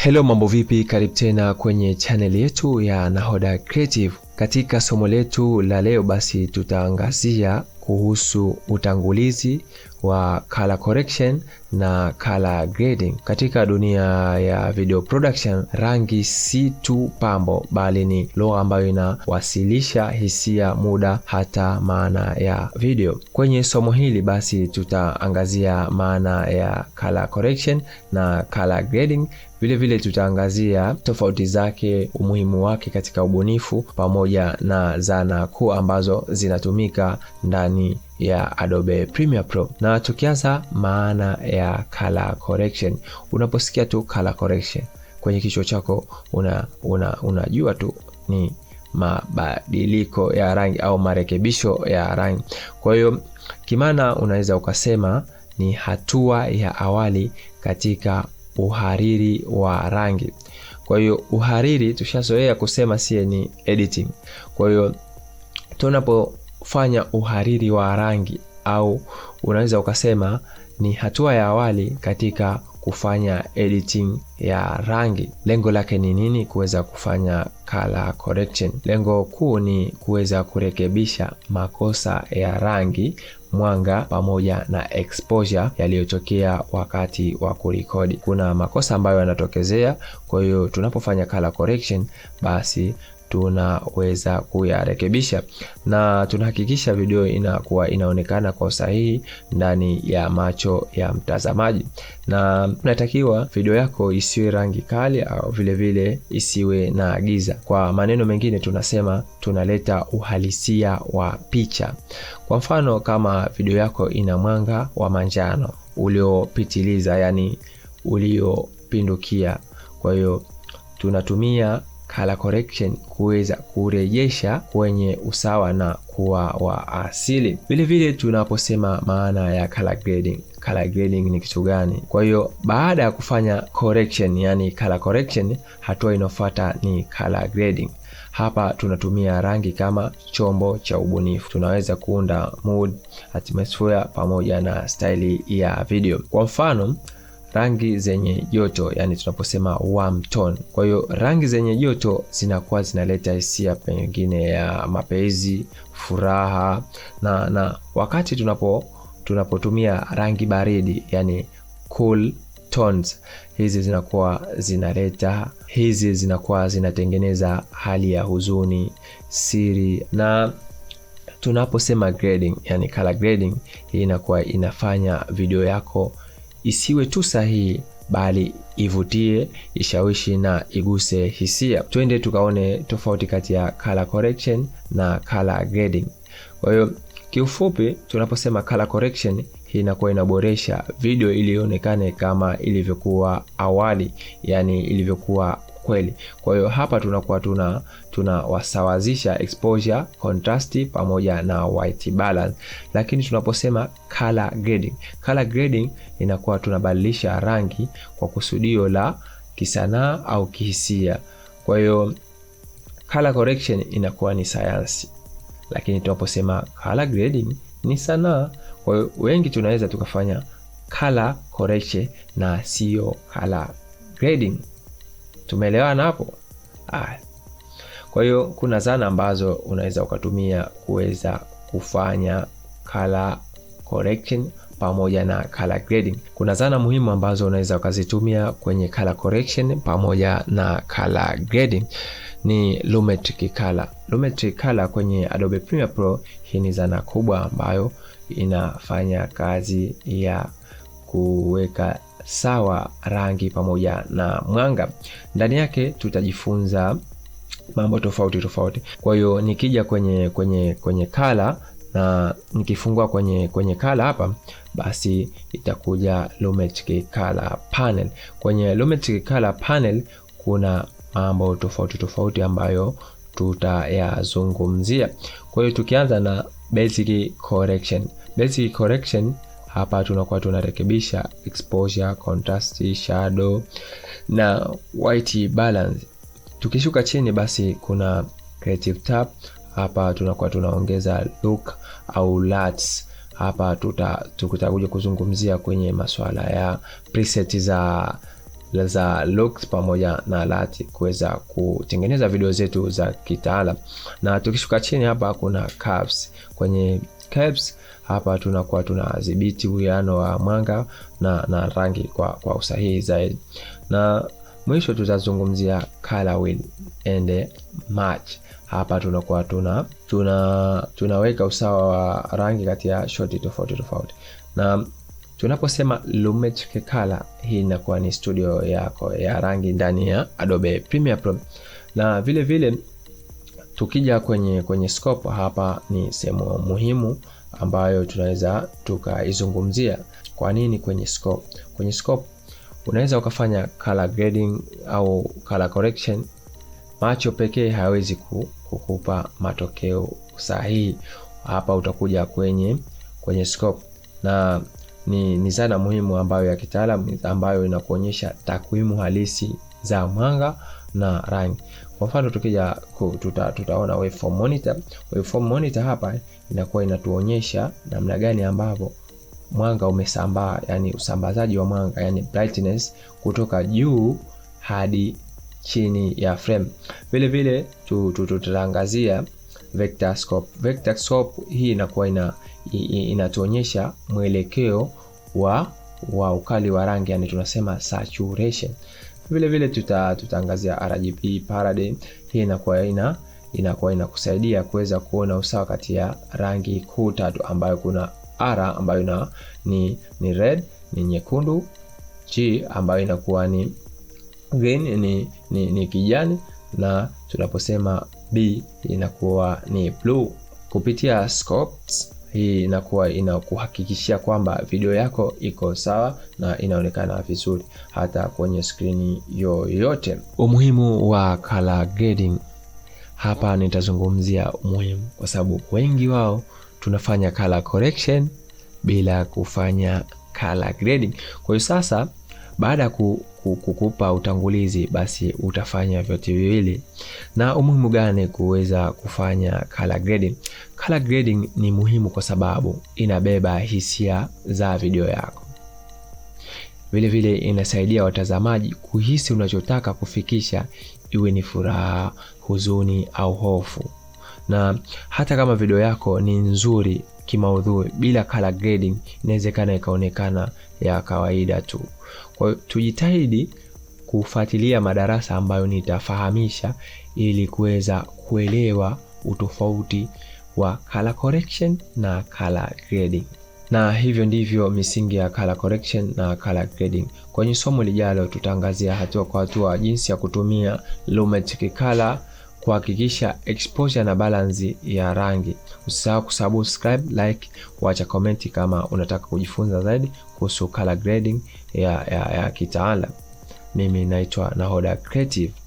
Hello, mambo vipi? Karibu tena kwenye channel yetu ya Nahoda Creative. Katika somo letu la leo, basi tutaangazia kuhusu utangulizi wa color correction na color grading. Katika dunia ya video production, rangi si tu pambo, bali ni lugha ambayo inawasilisha hisia, muda, hata maana ya video. Kwenye somo hili basi tutaangazia maana ya color correction na color grading. Vile vile tutaangazia tofauti zake, umuhimu wake katika ubunifu, pamoja na zana kuu ambazo zinatumika ndani ya Adobe Premiere Pro. Na tukianza maana ya color correction, unaposikia tu color correction kwenye kichwa chako unajua una, una tu ni mabadiliko ya rangi au marekebisho ya rangi. Kwa hiyo kimana, unaweza ukasema ni hatua ya awali katika uhariri wa rangi. Kwa hiyo uhariri tushazoea kusema sie ni editing. Kwa hiyo tunapo kufanya uhariri wa rangi au unaweza ukasema ni hatua ya awali katika kufanya editing ya rangi. Lengo lake ni nini? Kuweza kufanya color correction. Lengo kuu ni kuweza kurekebisha makosa ya rangi, mwanga pamoja na exposure yaliyotokea wakati wa kurekodi. Kuna makosa ambayo yanatokezea, kwa hiyo tunapofanya color correction basi tunaweza kuyarekebisha na tunahakikisha video inakuwa inaonekana kwa usahihi ndani ya macho ya mtazamaji, na tunatakiwa video yako isiwe rangi kali au vilevile isiwe na giza. Kwa maneno mengine, tunasema tunaleta uhalisia wa picha. Kwa mfano, kama video yako ina mwanga wa manjano uliopitiliza, yani uliopindukia, kwa hiyo tunatumia color correction kuweza kurejesha kwenye usawa na kuwa wa asili. Vile vile tunaposema maana ya color grading, color grading ni kitu gani? Kwa hiyo baada ya kufanya correction, yani color correction, hatua inayofuata ni color grading. Hapa tunatumia rangi kama chombo cha ubunifu. Tunaweza kuunda mood, atmosphere pamoja na style ya video. Kwa mfano rangi zenye joto, yani tunaposema warm tone. Kwa hiyo rangi zenye joto zinakuwa zinaleta hisia pengine ya mapenzi, furaha na, na wakati tunapo tunapotumia rangi baridi yani cool tones, hizi zinakuwa zinaleta hizi zinakuwa zinatengeneza hali ya huzuni, siri na tunaposema grading, yani color grading, hii inakuwa inafanya video yako isiwe tu sahihi bali ivutie, ishawishi na iguse hisia. Twende tukaone tofauti kati ya color correction na color grading. Kwa hiyo kiufupi, tunaposema color correction, hii inakuwa inaboresha video ilionekane kama ilivyokuwa awali, yani ilivyokuwa kweli. Kwa hiyo hapa tunakuwa tuna tunawasawazisha exposure, contrast pamoja na white balance. Lakini tunaposema color grading, color grading inakuwa tunabadilisha rangi kwa kusudio la kisanaa au kihisia. Kwa hiyo color correction inakuwa ni sayansi, lakini tunaposema color grading ni sanaa. Kwa hiyo wengi tunaweza tukafanya color correction na sio color grading. Tumeelewana hapo? Kwa hiyo kuna zana ambazo unaweza ukatumia kuweza kufanya color correction pamoja na color grading. Kuna zana muhimu ambazo unaweza ukazitumia kwenye color correction pamoja na color grading ni Lumetric Color. Lumetric Color kwenye Adobe Premiere Pro, hii ni zana kubwa ambayo inafanya kazi ya kuweka sawa, rangi pamoja na mwanga. Ndani yake tutajifunza mambo tofauti tofauti. Kwa hiyo nikija kwenye kwenye kwenye kala na nikifungua kwenye kwenye kala hapa, basi itakuja Lumet Color Panel. Kwenye Lumet Color Panel kuna mambo tofauti tofauti ambayo tutayazungumzia. Kwa hiyo tukianza na basic correction. Basic correction hapa tunakuwa tunarekebisha exposure, contrast, shadow na white balance. Tukishuka chini, basi kuna creative tab. Hapa tunakuwa tunaongeza look au LUTs. Hapa tutakuja kuzungumzia kwenye masuala ya preset za za looks pamoja na LUT kuweza kutengeneza video zetu za kitaalam. Na tukishuka chini hapa kuna curves kwenye Curves, hapa tunakuwa tunadhibiti uwiano wa mwanga na, na rangi kwa, kwa usahihi zaidi, na mwisho tutazungumzia color wheel and match. Hapa tunakuwa tuna, tuna tunaweka usawa wa rangi kati ya shoti tofauti tofauti na tunaposema Lumetric Color, hii inakuwa ni studio yako ya rangi ndani ya Adobe Premiere Pro na vilevile vile, Tukija kwenye, kwenye scope hapa ni sehemu muhimu ambayo tunaweza tukaizungumzia. Kwa nini kwenye scope? Kwenye scope unaweza ukafanya color grading au color correction. Macho pekee hawezi kukupa matokeo sahihi. Hapa utakuja kwenye, kwenye scope na ni, ni zana muhimu ambayo ya kitaalamu ambayo inakuonyesha takwimu halisi za mwanga na rangi. Kwa mfano tukija tuta, tutaona waveform monitor. Waveform monitor hapa inakuwa inatuonyesha namna gani ambavyo mwanga umesambaa, yani usambazaji wa mwanga, yani brightness kutoka juu hadi chini ya frame. Vile vile tutaangazia vector scope. Vector scope hii inakuwa ina, inatuonyesha mwelekeo wa wa ukali wa rangi, yani tunasema saturation. Vilevile tuta, tutaangazia RGB Parade. Hii inakuwa ina inakuwa inakusaidia kuweza kuona usawa kati ya rangi kuu tatu, ambayo kuna R ambayo ina, ni, ni red ni nyekundu, G ambayo inakuwa ni green ni, ni, ni kijani, na tunaposema B inakuwa ni blue kupitia scopes hii inakuwa inakuhakikishia kwamba video yako iko sawa na inaonekana vizuri hata kwenye skrini yoyote. Umuhimu wa color grading, hapa nitazungumzia umuhimu, kwa sababu wengi wao tunafanya color correction bila kufanya color grading. Kwa hiyo sasa baada ya kukupa utangulizi, basi utafanya vyote viwili. Na umuhimu gani kuweza kufanya color grading? Color grading ni muhimu kwa sababu inabeba hisia za video yako, vilevile inasaidia watazamaji kuhisi unachotaka kufikisha, iwe ni furaha, huzuni au hofu. Na hata kama video yako ni nzuri kimaudhui, bila color grading inawezekana ikaonekana ya kawaida tu. Kwa hiyo tujitahidi kufuatilia madarasa ambayo nitafahamisha ili kuweza kuelewa utofauti wa color correction na color grading. Na hivyo ndivyo misingi ya color correction na color grading. Kwenye somo lijalo tutaangazia hatua kwa hatua jinsi ya kutumia Lumet color kuhakikisha exposure na balance ya rangi. Usisahau kusubscribe, like, kuacha comment kama unataka kujifunza zaidi kuhusu color grading ya, ya, ya kitaalam. Mimi naitwa Nahoda Creative.